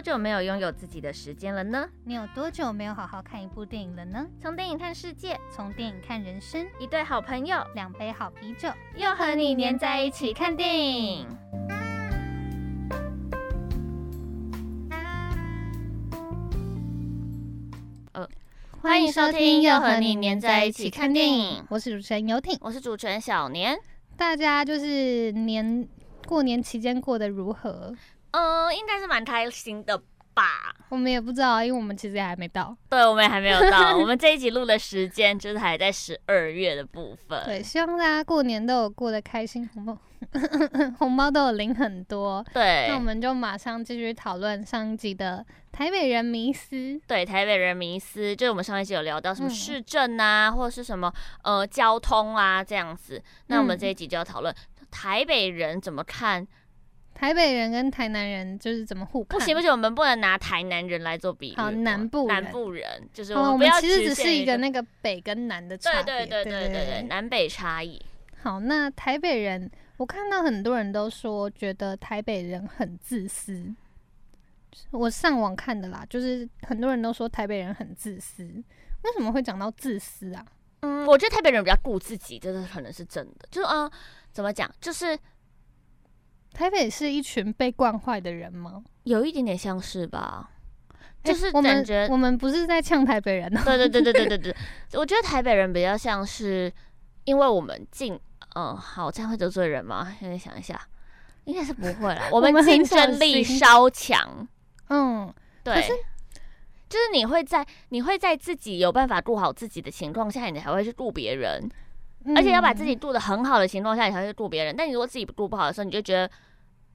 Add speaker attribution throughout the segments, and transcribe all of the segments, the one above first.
Speaker 1: 多久沒有擁有自己的時間了呢？你有多久沒有好好看
Speaker 2: 一部電影了呢？從電影看世界，從電影看人生。一對好朋友，兩杯好啤
Speaker 1: 酒，侑和你粘在一起看電影。呃，歡迎收聽《侑和你粘在一起看電影》，我是主持人游艇，我是主持人小年。
Speaker 2: 大家就是年過年期間過得如何？
Speaker 1: 嗯、呃，應該是蠻開心的吧？我們也不知道，因為我們其實也還沒到。對，我們也還沒有到。 我們這一集錄的時間就是還在十二月的部分。對，希望大家過
Speaker 2: 年都有過得開心，紅包紅包都有領很多。對，那我們就馬上繼續討論上一集的台北人迷思。
Speaker 1: 對，台北人迷思，就是我們上一集有聊到什麼市政啊，嗯、或者是什麼呃交通啊這樣子。那我們這一集就要討論、嗯、台北人怎麼看。台北人跟台南人就是怎麼互看？不行不行，我們不能拿台南人來做比喻。好，南部南部人就是我們不要。其實只是，只是一個那
Speaker 2: 個北跟南的差異。對對對對對，對,對,對,對，南
Speaker 1: 北差異。
Speaker 2: 好，那台北人，我看到很多人都說覺得台北人很自私。我上網看的啦，就是很多人都說台北人很自私。為什麼會講到自私啊？嗯，
Speaker 1: 我覺得台北人比較顧自己，這個可能是真的。就是嗯、呃，怎麼講？就是。台北是一群被慣壞的人嗎？有一點點像是吧，欸、就是感覺我們，我們不是在嗆台北人嗎，喔？對對對對對對對，對， 我覺得台北人比較像是，因為我們進，嗯，好這樣會得罪人嗎？現在想一下，應該是不會了。我們競爭力稍強，嗯，對，是就是你會在你會在自己有辦法顧好自己的情況下，你才會去顧別人。而且要把自己度得很好的情況下，你才會度別人。嗯、但你如果自己度不好的時候，你就覺得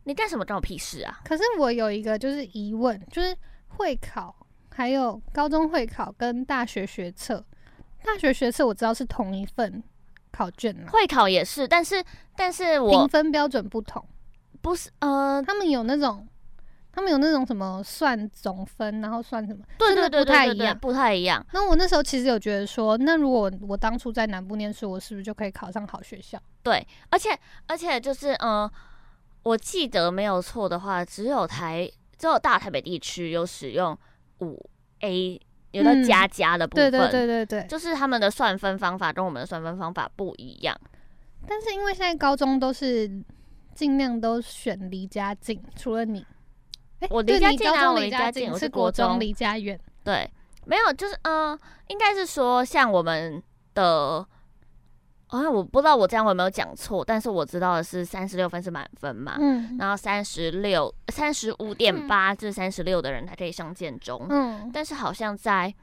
Speaker 1: 你幹什麼關我屁事啊？可
Speaker 2: 是我有一個就是疑問，就是會考還有高中會考跟大學學測，大學學測我知道是同一份考卷，啊，會考也是，但是但是我評分標準不同，不是，呃，他們有那種。他們有那種什麼算總分，然後算什麼，對對、對、對、對、對對，不太一樣，不太一樣。那我那時候其實有覺得說，那如果我、我當初在南部念書，我是不是就可以考上好學校？
Speaker 1: 對，而且而且就是，嗯、呃，我記得沒有錯的話，只有台只有大台北地區有使用五 A，有的加加的部分，嗯、對、對、對對對對，就是他們的算分方法跟我們的算分方法不一樣。
Speaker 2: 但是因為現在高中都是盡量都選離家近，除了你。
Speaker 1: 我離家近我，啊、離家近，我是國中離家遠。對，沒有，就是嗯、呃，應該是說像我們的啊、呃，我不知道我這樣有沒有講錯，但是我知道的是三十六分是滿分嘛。嗯、然後三十六、三十五點八至三十六的人才可以上建中。嗯、但是好像在，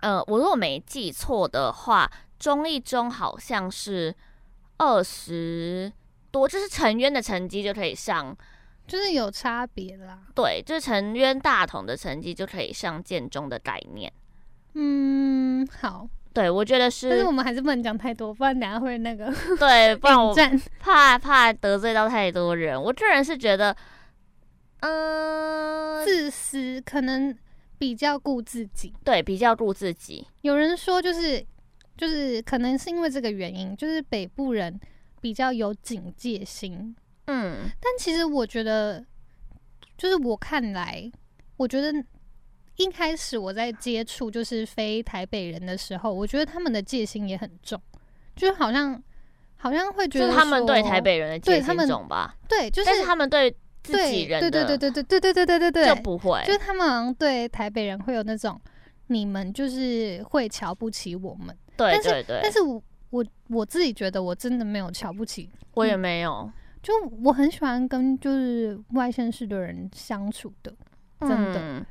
Speaker 1: 呃，我如果沒記錯的話，中一中好像是二十多，就是陳淵的成績就可以上。就是有差別啦，對，就是成淵大同的成績就可以上建中的概念。
Speaker 2: 嗯，好，
Speaker 1: 對，我覺得是，但是我們
Speaker 2: 還是不能講太多，不然等下會那個對。戰不然
Speaker 1: 我怕怕得罪到太多人。我個人是覺得，嗯、
Speaker 2: 呃，自私可能比較顧自己，
Speaker 1: 對，比較顧自己。
Speaker 2: 有人說就是就是可能是因為這個原因，就是北部人比較有警戒心。嗯，但其實我覺得，就是我看來，我覺得一開始我在接觸就是非台北人的時候，我覺得他們的戒心也很重，就是好像好像會覺得說，就是他們對台北人的戒心，對，他們，重吧？
Speaker 1: 對，就是，是他們對自己人的對對對對對對對對對對，對就不會，就是
Speaker 2: 他們好像對台北人會有那種你們就是會瞧不起我們，
Speaker 1: 對對對，但是，但
Speaker 2: 是我我我自己覺得我真的沒有瞧不起，我也沒有。嗯就我很喜歡跟就是外縣市的人相處的，真的，嗯、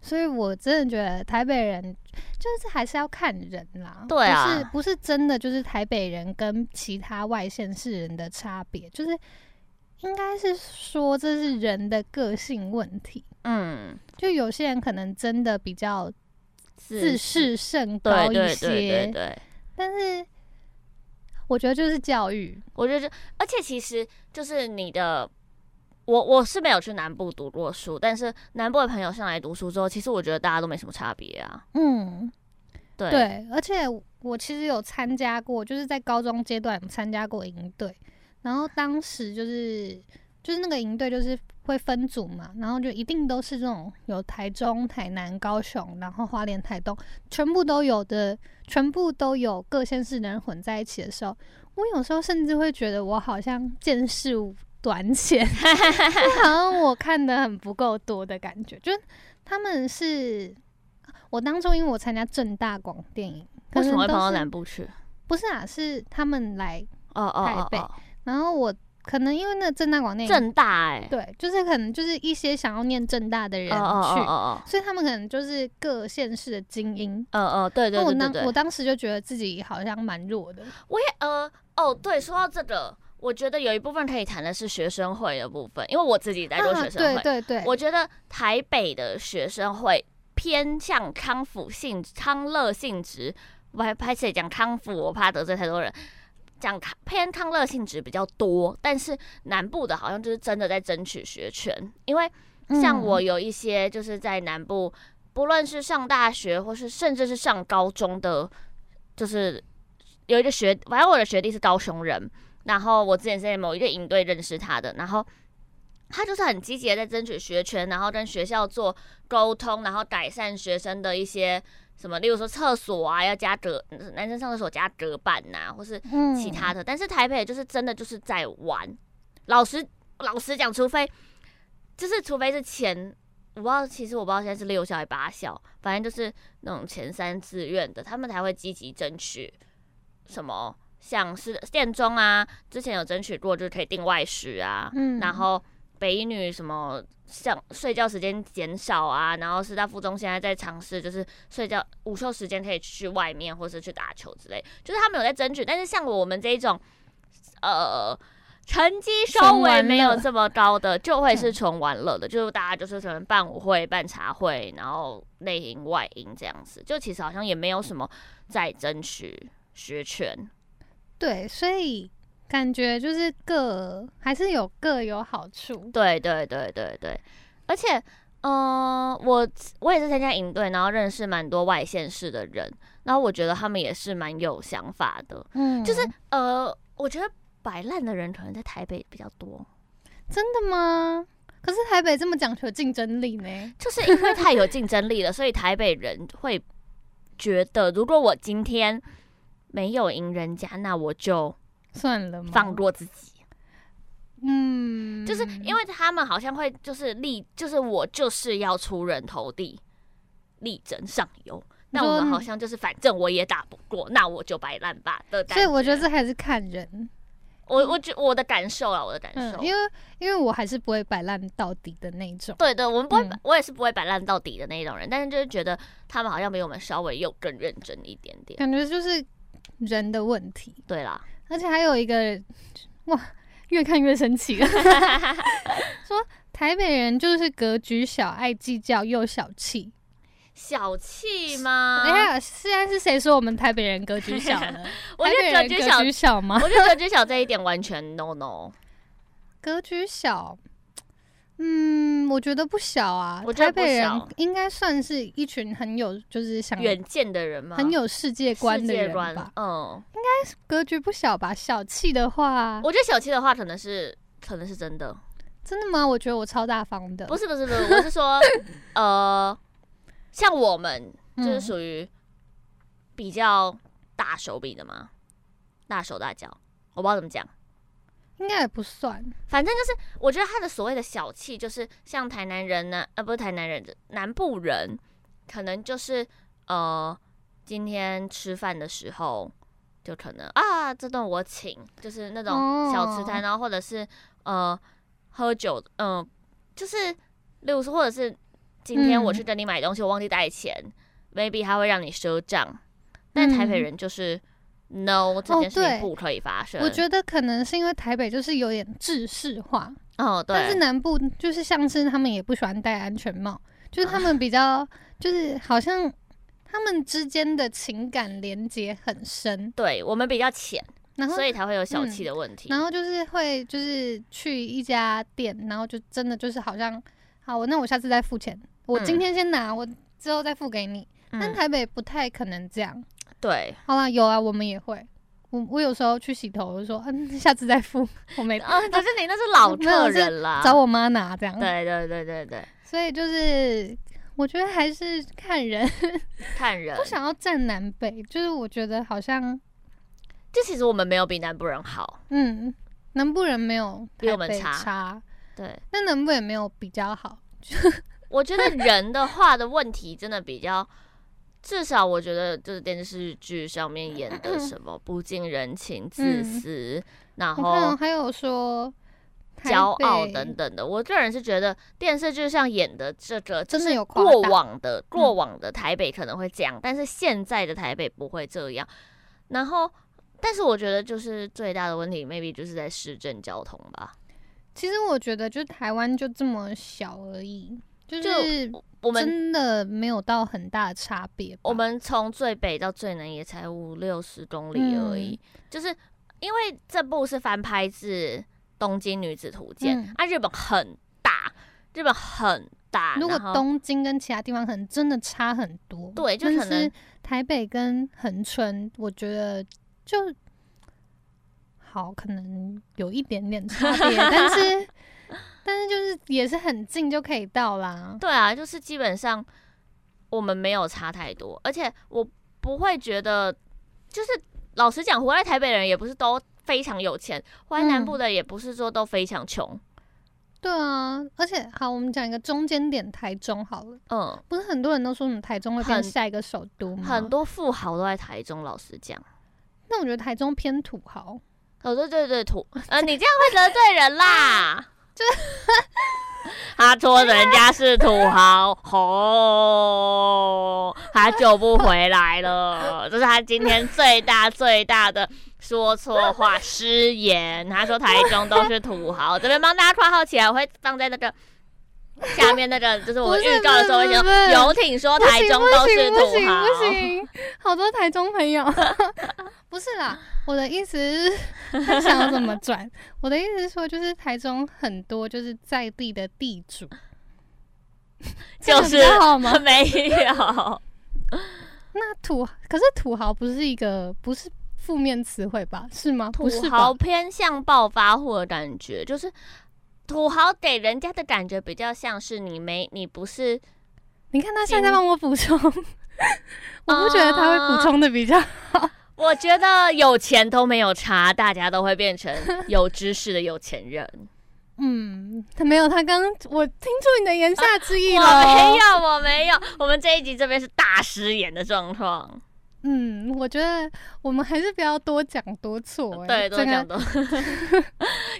Speaker 2: 所以我真的覺得台北人就是還是要看人啦，對啊，不是不是真的就是台北人跟其他外縣市人的差別，就是應該是說這是人的個性問題，嗯，就有些人可能真的比較自視甚高一些，對對對，對對對，但是。我覺得就是教
Speaker 1: 育，我覺得就，而且其實就是你的，我我是沒有去南部讀過書，但是南部的朋友上來讀書之後，其實我覺得大家都沒什麼差別啊。嗯，
Speaker 2: 對，對，而且我，我其實有參加過，就是在高中階段參加過營隊，然後當時就是。就是那個營隊，就是會分組嘛，然後就一定都是這種有台中、台南、高雄，然後花蓮、台東，全部都有的，全部都有各縣市的人混在一起的時候，我有時候甚至會覺得我好像見識短淺，哈哈哈。好像我看得很不夠多的感覺。就是他們是，我當初因為我參加政大廣電影，可是為什麼會跑到南部去？不是啊，是他們來
Speaker 1: 台北哦哦哦，oh, oh, oh, oh.
Speaker 2: 然後我。可能因為那個大政大廣電政大哎，對，就是可能就是一些想要念政大的人去，oh, oh, oh, oh. 所以他們可能就是各縣市的精英。
Speaker 1: 哦哦對對對對對。對，我當我當
Speaker 2: 時就覺得自己好像蠻弱的。
Speaker 1: 我也呃哦對，說到這個，我覺得有一部分可以談的是學生會的部分，因為我自己在做學生會，對、啊、對。對對我覺得台北的學生會偏向康復性、康樂性質。我還怕誰講康復，我怕得罪太多人。講偏康樂性質比較多，但是南部的好像就是真的在爭取學權，因為像我有一些就是在南部，嗯、不論是上大學或是甚至是上高中的，就是有一個學，反正我的學弟是高雄人，然後我之前在某一個營隊認識他的，然後他就是很積極地在爭取學權，然後跟學校做溝通，然後改善學生的一些。什麼？例如說廁所啊，要加隔男生上廁所加隔板吶、啊，或是其他的。嗯、但是台北就是真的就是在玩。老實老實講，除非就是除非是前，我不知道，其實我不知道現在是六小還是八小，反正就是那種前三志願的，他們才會積極爭取什麼，像是電中啊，之前有爭取過，就是可以訂外食啊。嗯、然後。北一女，什麼像睡覺時間減少啊，然後師大附中現在在嘗試，就是睡覺午休時間可以去外面或是去打球之類，就是他們有在爭取。但是像我們這種，呃，成績稍微沒有這麼高的，就會是純玩樂的，對就大家就是可能辦舞會、辦茶會，然後內因外因這樣子。就其實好像也沒有什麼在爭取學權。
Speaker 2: 對，所以。感覺就是各還是有各有好處。對
Speaker 1: 對對對對，而且，呃，我我也是參加營隊，然後認識蠻多外縣市的人，然後我覺得他們也是蠻有想法的。嗯，就是呃，我覺得擺爛的人可能在台北比較多。真的嗎？可是台北
Speaker 2: 這麼講求競爭力呢？就
Speaker 1: 是因為太有競爭力了， 所以台北人會覺得，如果我今天沒有贏人家，那我就。算了嗎放過自己。嗯，就是因為他們好像會，就是立，就是我就是要出人頭地，力爭上游。那我們好像就是，反正我也打不過，那我就擺爛吧。對，所以我
Speaker 2: 覺得這還是看人。
Speaker 1: 我，我覺我的感受啊，我的感受、嗯。因為，因為我
Speaker 2: 還是不會擺爛到底的
Speaker 1: 那種。對的，我們不會，嗯、我也是不會擺爛到底的那種人。但是就是覺得他們好像比我們稍微又更認真一點點。感
Speaker 2: 覺就是人的問題。對啦。而且還有一個，哇，越看越神奇了。 說台北人就是格局小、愛計較又小氣，
Speaker 1: 小氣嗎？你看
Speaker 2: 現在是誰說我們台北人格局小呢？ 台北人格局小，我覺得格局小嗎？我覺得格局小
Speaker 1: 這一點完全 no no，
Speaker 2: 格局小。嗯，我覺得不小啊。我覺得不小。台北人應該算是一群很有就是想遠見
Speaker 1: 的人嘛，很有世界觀的人吧。嗯，應
Speaker 2: 該格局不小吧。小氣的話，
Speaker 1: 我覺得小氣的話可能是可能是真的。
Speaker 2: 真的嗎？我覺得我超大方的。不是不是不是，我是
Speaker 1: 說， 呃，像我們就是屬於比較大手筆的嘛，嗯、大手大腳，我不知道怎麼講。應該也不算，反正就是我覺得他的所謂的小氣，就是像台南人呢，呃，不是台南人，南部人，可能就是呃，今天吃飯的時候就可能啊，這頓我請，就是那種小吃攤、喔，然後、哦、或者是呃喝酒，嗯、呃，就是例如說，或者是今天我去跟你買東西，我忘記帶錢、嗯、，maybe 他會讓你賒賬，
Speaker 2: 但台北人
Speaker 1: 就是。No 這件事情、哦、對不可以發生。我覺得
Speaker 2: 可能是因為台北就是有點制式化。
Speaker 1: 哦，對。但是
Speaker 2: 南部就是像是他們也不喜歡戴安全帽，啊、就是他們比較就是好像他們之間的情感連接很深，對我們比較淺，然後所以才會有小氣的
Speaker 1: 問題、嗯。然後就
Speaker 2: 是會就是去一家店，然後就真的就是好像，好，那我下次再付錢，我今天先拿，嗯、我之後再付給你。嗯、但台北不太可能這樣。對，好啦，有啊，我們也會。我我有時候去洗頭，我就說，嗯，下次再付，我沒。嗯，可是你那是老客人啦，找我媽拿這樣。對
Speaker 1: 對對對對，
Speaker 2: 所以就是我覺得還是看人，
Speaker 1: 看人。 不想要
Speaker 2: 戰南北，就是我覺得好像，
Speaker 1: 就其實我們沒有比南部人好。
Speaker 2: 嗯，南部人沒有比我們差。對。那南部也沒有比較好。
Speaker 1: 我覺得人的話的問題真的比較。至少我覺得，就是電視劇上面演的什麼不近人情、嗯、自私，然後還有說驕傲等等的。我個人是覺得電視劇上演的這個，就是過往的過往的台北可能會這樣，嗯、但是現在的台北不會這樣。然後，但是我覺得就是最大的問題，maybe 就是在市政交通吧。
Speaker 2: 其實我覺得，就台灣就這麼小而已。就是我們真的沒有到很大的差別，
Speaker 1: 我們從最北到最南也才五六十公里而已。嗯、就是因為這部是翻拍自《東京女子圖鑑》，啊，日本很大，日本很大。如果東
Speaker 2: 京跟其他地方可能真的差很多，對，就是台北跟恆春，我覺得就好，可能有一點點差別， 但是。
Speaker 1: 但是就是也是很近就可以到啦。對啊，就是基本上我們沒有差太多，而且我不會覺得，就是老實講，活在台北人也不是都非常有錢，活在南部的也不是說都非常窮。
Speaker 2: 嗯、對啊，而且好，我們講一個中間點，台中好了。嗯，不是很多人都說你們台中會變下一個首都嗎？很，很
Speaker 1: 多富豪都在台中，老實講。
Speaker 2: 那我覺得台中偏土豪。哦對對
Speaker 1: 對，土啊、呃，你這樣會得罪人啦。 他說人家是土豪，吼、 哦，他救不回來了。這 是他今天最大最大的說錯話、 失言。他說台中都是土豪， 這邊幫大家括號起來，我會放在那個下面那個，就是我們預告的時候，侑 是說台中都是土豪，不不，不行，不
Speaker 2: 行，好多台中朋友， 不是啦。我的意思是他想要怎麼轉？ 我的意思是說，就是台中很多就是在地的地主，
Speaker 1: 就是土嗎？沒有。
Speaker 2: 那土可是土豪不是一個，不是負面詞彙吧？是嗎？是土豪偏
Speaker 1: 向暴發戶的感覺，就是土豪給人家的感覺比較像是你沒你不是。你看他現在幫我補充
Speaker 2: 我不覺得他會補充
Speaker 1: 的比較好。我覺得有錢都沒有差，大家都會變成有知識的有錢人。
Speaker 2: 嗯，他沒有，他剛我聽出你的言下之意了。啊、我沒有，我
Speaker 1: 沒有。我們這一集這邊是大失言的狀況。
Speaker 2: 嗯，我覺得我們還是不要多講多錯、欸。對，多講多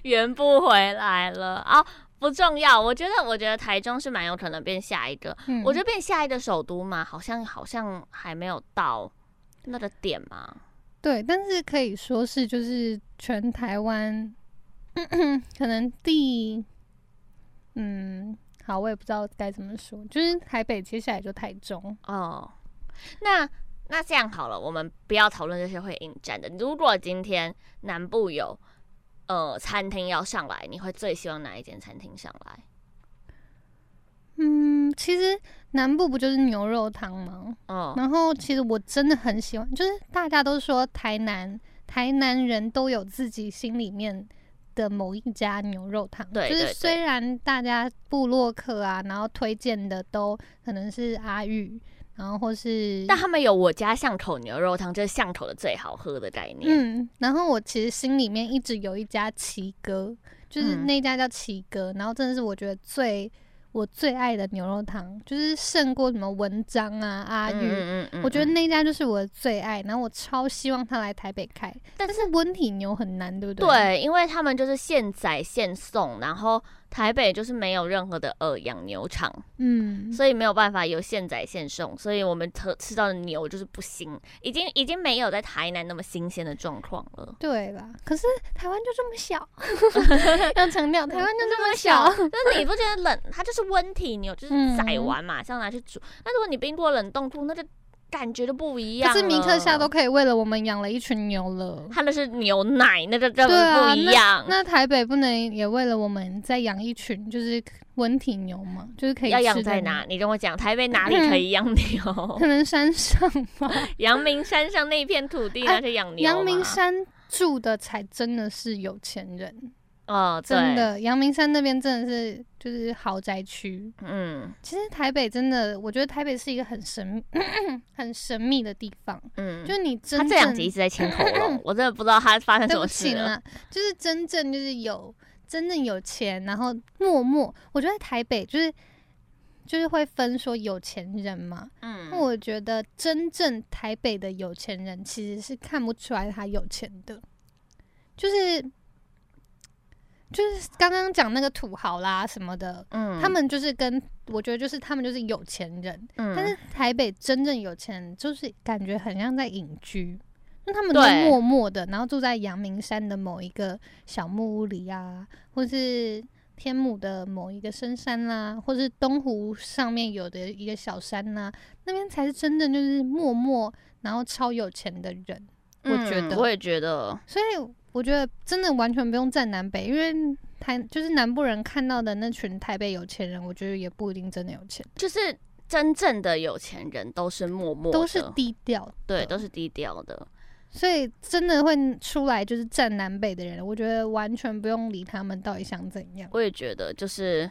Speaker 1: 圓不該 回來了哦，不重要，我覺得，我覺得台中是蠻有可能變下一個。嗯，我覺得變下一個首都嘛，好像好像還沒有到那個點嘛。
Speaker 2: 對，但是可以說是就是全台灣，嗯嗯，可能第嗯，好，我也不知道該怎麼說，就是台北接下來就台中哦。
Speaker 1: 那那這樣好了，我們不要討論這些會引戰的。如果今天南部有呃餐廳要上來，你會最希望哪一間餐廳上來？
Speaker 2: 嗯，其實南部不就是牛肉湯嗎？嗯、哦，然後其實我真的很喜歡，就是大家都說台南，台南人都有自己心裡面的某一家牛肉湯。對，對，對，就是雖然大家部落客啊，然後推薦的都可能是阿裕，然後或是，但他
Speaker 1: 們有我家巷口牛肉湯，就是巷口的最好喝的概念。嗯，
Speaker 2: 然後我其實心裡面一直有一家奇哥，就是那家叫奇哥，嗯、然後真的是我覺得最。我最愛的牛肉湯，就是勝過什麼文章啊阿玉。嗯嗯嗯嗯嗯，我覺得那家就是我的最愛。然後我超希望他來台北開，但是溫體牛很難，對不對？對，
Speaker 1: 因為他們就是現宰現送，然後。台北就是沒有任何的養牛場，嗯，所以沒有辦法有現宰現送，所以我們吃吃到的牛就是不新，已經已經沒有在台南那麼新鮮的狀況了，
Speaker 2: 對吧？可是台灣
Speaker 1: 就這麼小，要強調台灣就這麼小，那 你不覺得冷？它就是溫體牛，就是宰完嘛，嗯、馬上拿去煮。那如果你冰過冷凍庫，那就感覺都不一樣了。是明特下都
Speaker 2: 可以為了我們養了一群牛了，
Speaker 1: 他們是牛奶，那個根本不一樣、啊那。
Speaker 2: 那台北不能也為了我們再養一群，就是溫體牛嗎？就是可以要養在哪？
Speaker 1: 你跟我講，台北哪裡可以養牛、嗯？可能山上吧。陽 明山上那片土地那，是養牛。陽明山
Speaker 2: 住的才真的是有錢人。哦，oh, 真的，陽明山那邊真的是就是豪宅區。嗯，其實台北真的，我覺得台北是一個很神呵呵很神秘的
Speaker 1: 地方。嗯，就
Speaker 2: 是你真正他這兩天一直在清喉嚨，呵呵
Speaker 1: 我真的不知道他發生什麼事了。
Speaker 2: 就是真正就是有真正有錢，然後默默，我覺得台北就是就是會分說有錢人嘛。嗯，那我覺得真正台北的有錢人其實是看不出來他有錢的，就是。就是剛剛講那個土豪啦什麼的，嗯，他們就是跟我覺得就是他們就是有錢人，嗯、但是台北真正有錢人，就是感覺很像在隱居，那、嗯、他們都默默的，對然後住在陽明山的某一個小木屋裡啊，或是天母的某一個深山啦、啊，或是東湖上面有的一個小山啦、啊，那邊才是真正就是默默然後超有錢的人，
Speaker 1: 嗯、我覺得我也覺得，所
Speaker 2: 以。我覺得真的完全不用戰南北，因為台就是南部人看到的那群台北有錢人，我覺得也不一定真的有錢的。
Speaker 1: 就是真正的有錢人都是默默的，都是低調，對，都是低調的。
Speaker 2: 所以真的會出來就是戰南北的人，我覺得完全不用理他們到底想怎樣？
Speaker 1: 我也覺得，就是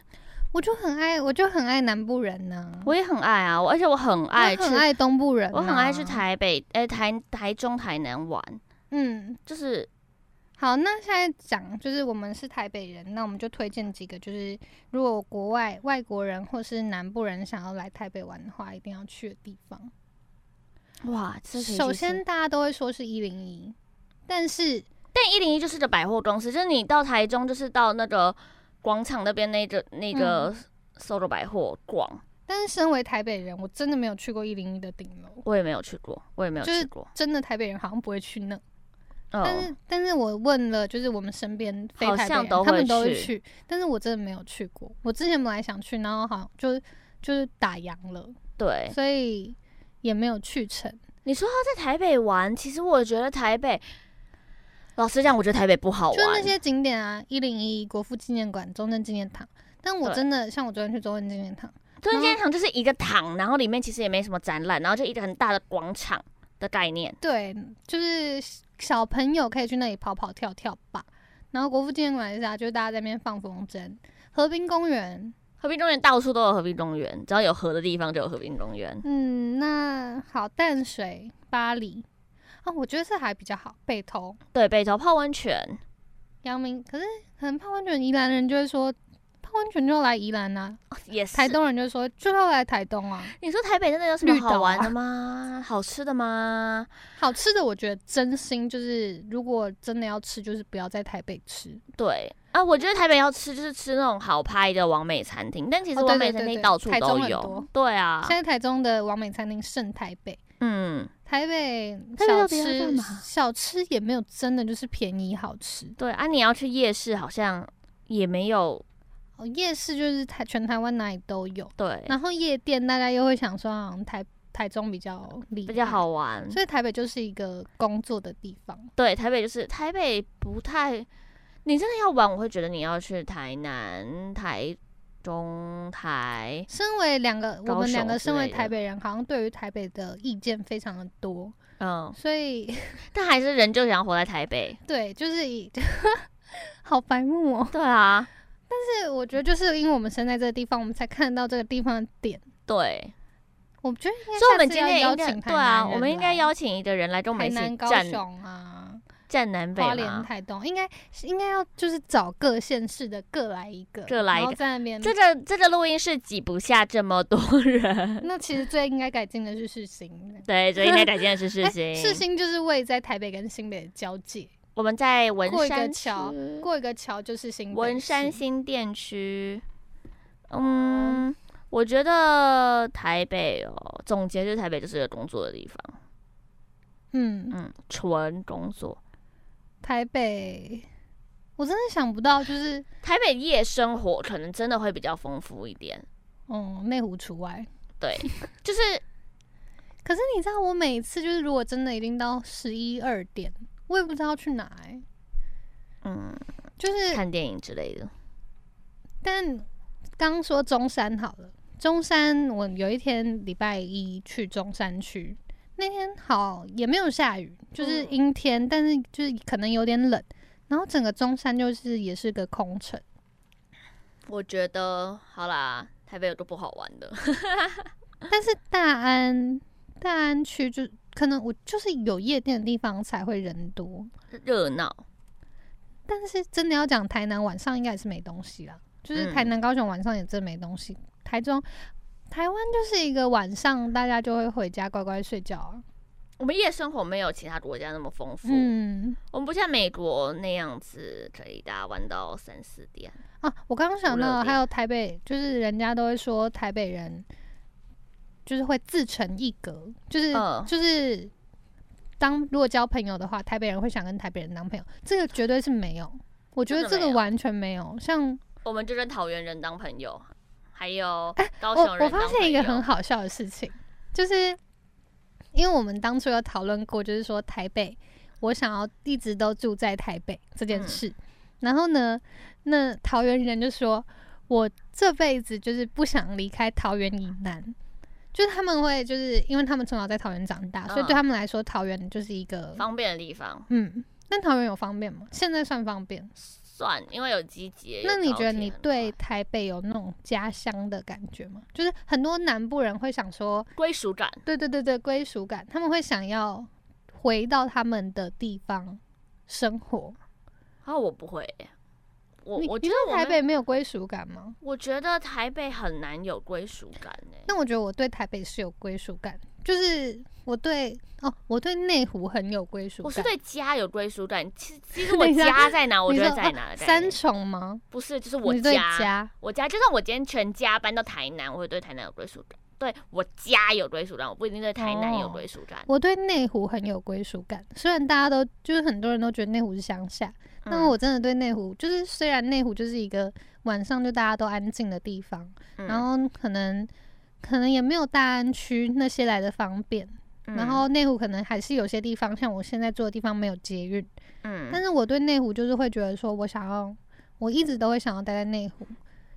Speaker 2: 我就很愛，我就很愛南部人呢、
Speaker 1: 啊。我也很愛啊，而且我很愛我很愛東部人、啊，我很愛去台北、哎、欸、台、台中、台南玩。嗯，
Speaker 2: 就是。好，那現在講就是我們是台北人，那我們就推薦幾個，就是如果國外外國人或是南部人想要來台北玩的話，一定要去的地方。哇，是
Speaker 1: 就是，首先
Speaker 2: 大家都會說是一零一，但是
Speaker 1: 但一零一就是個百貨公司，就是你到台中就是到那個廣場那邊那個那個 SOGO 百貨逛，嗯。
Speaker 2: 但是身為台北人，我真的沒有去過一零一的頂樓，
Speaker 1: 我也沒有去過，我也沒有去過，
Speaker 2: 真的台北人好像不會去那。但是，oh, 但是我問了，就是我們身邊，好像都他們都會去，但是我真的沒有去過。我之前本來想去，然後好，就是就是打烊了，對，所以也沒有去成。
Speaker 1: 你說要在台北玩，其實我覺得台北，老實講，我覺得台北不好玩，就是那些景點啊，一零一、
Speaker 2: 國父紀念館、中正紀念堂。但我真的，對像我昨天去中正
Speaker 1: 紀念堂，中正紀念堂就是一個堂，然後裡面其實也沒什麼展覽，然後就一個很大的廣場的概念。
Speaker 2: 對，就是。小朋友可以去那裡跑跑跳跳吧。然後國父紀念館一下，就大家在那邊放風箏。河濱公園，
Speaker 1: 河濱公園到處都有河濱公園，只要有河的地方就有河濱公園。
Speaker 2: 嗯，那好，淡水、巴黎啊，我覺得這還比較好。北投，對，北投泡溫泉，陽明。可是可能泡溫泉宜蘭人就會說。溫泉就來宜蘭啊，也是 Yes 台東人就說，最後來台東啊。你說台北真的有什麼好玩的嗎？啊、好吃的嗎？好吃的，我覺得真心就是，如果真的要吃，就是不要在台北吃。
Speaker 1: 對啊，我覺得台北要吃就是吃那種好拍的網美餐廳，但其實網美餐廳到處都有。哦、對，對，對，對，對啊，現在
Speaker 2: 台中的網美餐廳勝台北。嗯，台
Speaker 1: 北小吃北嘛，
Speaker 2: 小吃也沒有真的就是便宜好吃。
Speaker 1: 對啊，你要去夜市好像也沒有。夜市就是台全台灣哪裡
Speaker 2: 都有，對。然後夜店大家又會想說，好像台台中比較比較好玩，所以台北就是一個工作的地方。
Speaker 1: 對，台北就是台北不太，你真的要玩，我會覺得你要去台南、台中、台。身
Speaker 2: 為兩個我們兩個身為台北人，好像對於台北的意見非常的多。
Speaker 1: 嗯，所以但還是人就想活在台北。
Speaker 2: 對，就是以 好白目哦、喔。對啊。但是我覺得，就是因為我們身在這個地方，我們才看到這個地方的點。對，我覺得，所以我們今天邀請他。對啊，我們應
Speaker 1: 該邀請一個人來中美。台南高雄啊，站南北、花蓮、台東，應該
Speaker 2: 應該要就是找各縣市的各來一個，各來一個
Speaker 1: 這個這個錄音室擠不下這麼多人。
Speaker 2: 那其實最應該改進的、的、的是世新。
Speaker 1: 對，最應該改進的是世新。世新
Speaker 2: 就是位在台北跟新北的交界。
Speaker 1: 我們在文山橋，過一個橋就是新文山新店區。嗯，我覺得台北哦，總結就是台北就是一個工作的地方。嗯嗯，純、嗯、工作。
Speaker 2: 台北，
Speaker 1: 我真的想不到，就是台北夜生活可能真的會比較豐富一點。
Speaker 2: 哦、嗯，內湖除外。對，就是。 可是你知道，我每次就是如果真的已經到十一二點我也不知道去哪裡、欸，嗯，
Speaker 1: 就是看電影之類的。
Speaker 2: 但剛說中山好了，中山我有一天禮拜一去中山區，那天好也沒有下雨，就是陰天，嗯、但是就是可能有點冷，然後整個中山就是也是個空城。
Speaker 1: 我覺得好啦，台北有多不好玩的，
Speaker 2: 但是大安大安區就。可能我就是有夜店的地方才會人多
Speaker 1: 熱鬧，
Speaker 2: 鬧但是真的要講台南晚上應該也是沒東西了，就是台南高雄晚上也真沒東西。嗯、台中、台灣就是一個晚上大家就會回家乖乖睡覺啊。
Speaker 1: 我們夜生活沒有其他國家那麼豐富，嗯，我們不像美國那樣子可以大家玩到三四點
Speaker 2: 啊。我剛剛想到還有台北，就是人家都會說台北人，就是會自成一格，就是、嗯、就是當如果交朋友的話，台北人會想跟台北人當朋友，這個絕對是沒有。
Speaker 1: 我覺得這個
Speaker 2: 完全沒有，沒有像
Speaker 1: 我們就跟桃園人當朋友，還有高雄人當朋友。哎、欸，我我發現一個很好
Speaker 2: 笑的事情，就是因為我們當初有討論過，就是說台北我想要一直都住在台北這件事，嗯、然後呢，那桃園人就說，我這輩子就是不想離開桃園以南。嗯就是他們會，就是因為他們從小在桃園長大，嗯、所以對他們來說，桃園就是一個方
Speaker 1: 便的地方。
Speaker 2: 嗯，那桃園有方便嗎？現在算方便，
Speaker 1: 算，因為有季節。那你覺得
Speaker 2: 你對台北有那種家鄉的感覺嗎？嗯、就是很多南部人會想說歸屬感，對對對對，歸屬感，他們會想要回到他們的地方生活。
Speaker 1: 啊，我不會。我你我覺得我你台北沒
Speaker 2: 有歸屬感嗎？
Speaker 1: 我覺得台北很難有歸屬感
Speaker 2: 誒、欸。那我覺得我對台北是有歸屬感，就是我對哦，我對內湖很有歸屬感。我是對
Speaker 1: 家有歸屬感，其實其實我家在哪， 說我就在哪，哦。三
Speaker 2: 重嗎？
Speaker 1: 不是，就是我家。家，我家，就算我今天全家搬到台南，我也對台南有歸屬感。對我家有歸屬感，我不一定對台南有歸屬感，哦。我對
Speaker 2: 內湖很有歸屬感，雖然大家都就是很多人都覺得內湖是鄉下。那我真的對內湖，就是雖然內湖就是一個晚上就大家都安靜的地方，嗯、然後可能可能也沒有大安區那些來得方便，嗯、然後內湖可能還是有些地方，像我現在住的地方沒有捷運，嗯，但是我對內湖就是會覺得說，我想要，我一直都會想要待在內湖，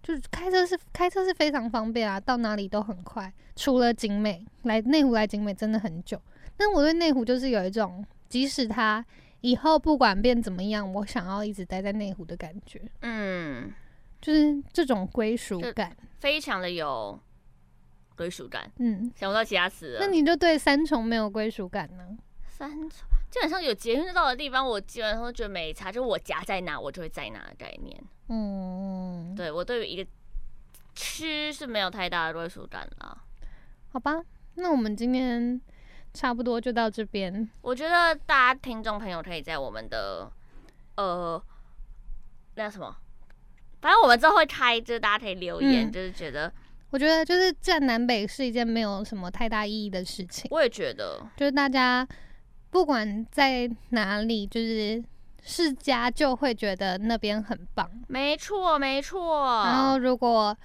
Speaker 2: 就是開車是開車是非常方便啊，到哪裡都很快，除了景美，來內湖來景美真的很久，但我對內湖就是有一種，即使它。以後不管變怎麼樣，我想要一直待在內湖的感覺。嗯，
Speaker 1: 就是這種歸屬感，非常的有歸屬感。嗯，想不到其他詞。那你
Speaker 2: 就對三重沒有歸屬感
Speaker 1: 呢、啊？三重基本上有捷運到的地方，我基本上就沒差，就是我家在哪，我就會在哪的概念。嗯對，我對於一個區是沒有太大的歸屬感了。
Speaker 2: 好吧，那我們今天。差不多就到這邊。
Speaker 1: 我覺得大家聽眾朋友可以在我們的呃那什麼，反正我們之後會開，就是大家可以留言，嗯、就是覺得，
Speaker 2: 我覺得就是戰南北是一件沒有什麼太大意義的事情。我也覺得，就是大家不管在哪裡，就是是家就會覺得那邊很棒。
Speaker 1: 沒錯，沒錯。然後
Speaker 2: 如果。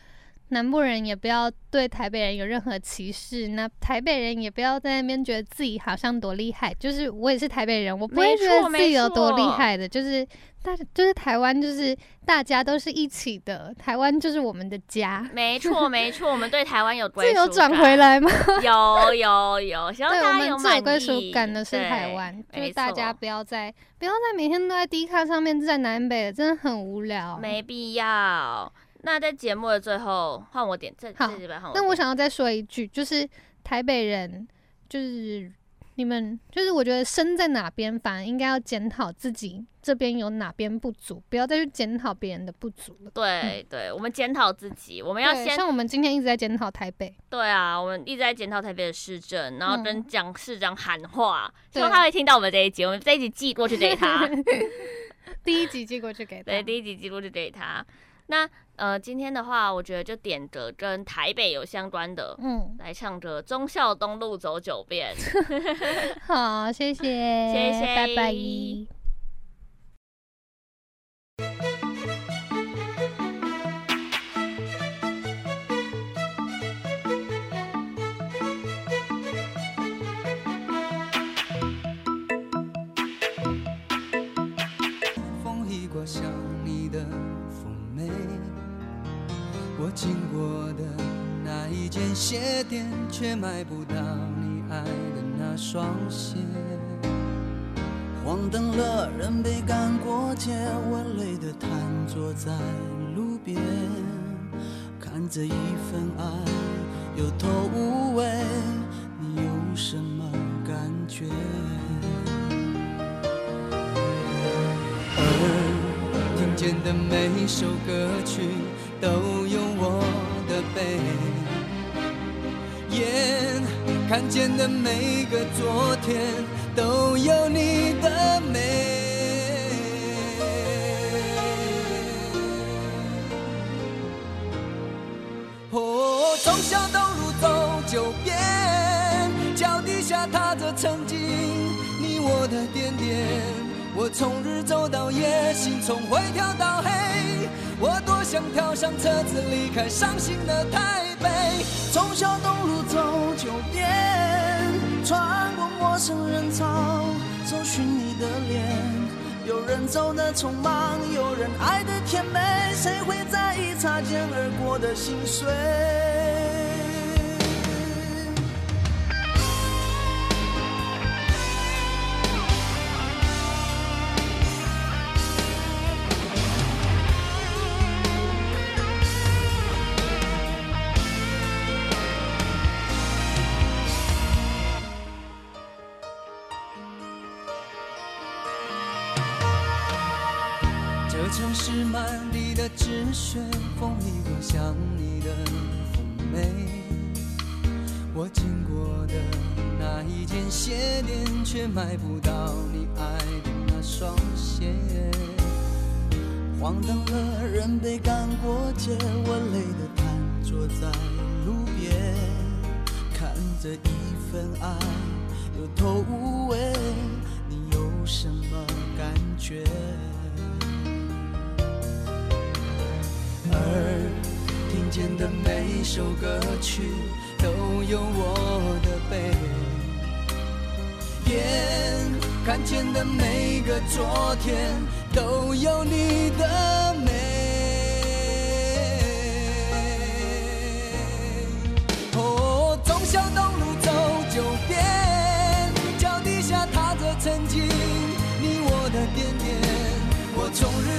Speaker 2: 南部人也不要對台北人有任何歧視，那台北人也不要在那邊覺得自己好像多厲害。就是我也是台北人，我不會覺得自己有多厲害的。錯就是大錯就是台灣就是大家都是一起的，台灣就是我們的家。
Speaker 1: 沒錯錯 沒錯，我們對台灣有歸屬感。這有轉回來嗎？有有有，對我們最有歸屬感的是台灣。對就是大家
Speaker 2: 不要在、錯不要在每天都在 D 卡上面在南北，真的很無聊，沒
Speaker 1: 必要。那在節目的最後，換我點，再再吧。好我那我想
Speaker 2: 要再說一句，就是台北人，就是你們，就是我覺得身在哪邊，反而應該要檢討自己這邊有哪邊不足，不要再去檢討別人的不足了對，嗯、
Speaker 1: 對，我們檢討自己，我們要先。像我們今天一直在檢討台北。對啊，我們一直在檢討台北的市政，然後跟蔣市長喊話，嗯、希望他會聽到我們這一集，我們這一集寄過去給他。 第一集寄過去給他。對，第一集寄過去給他。那呃，今天的話，我覺得就點着跟台北有相關的，嗯，來唱着忠孝東路走九遍，
Speaker 2: 好，謝謝，謝謝，拜拜。謝謝
Speaker 3: 鞋店卻買不到你愛的那雙鞋，黃燈了人被趕過街，我累得癱坐在路邊，看着一份愛有頭無尾，你有什麼感覺？聽見的每首歌曲都有我的悲。眼看見的每個昨天，都有你的美。哦、oh，從小到路走九遍，腳底下踏着曾經你我的點點。我從日走到夜，心從灰跳到黑。我多想跳上車子離開傷心的太陽。北，從小東路走九遍，穿過陌生人潮，搜尋你的臉。有人走得匆忙，有人愛得甜美，誰會在意擦肩而過的心碎？看見的每首歌曲都有我的悲，眼、yeah，看見的每個昨天都有你的美。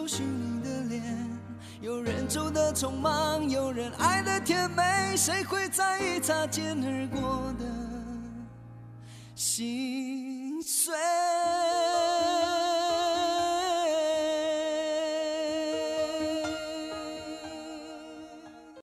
Speaker 3: 的臉，有人走的匆忙，有人愛的甜美，誰會在意擦肩而過的心碎？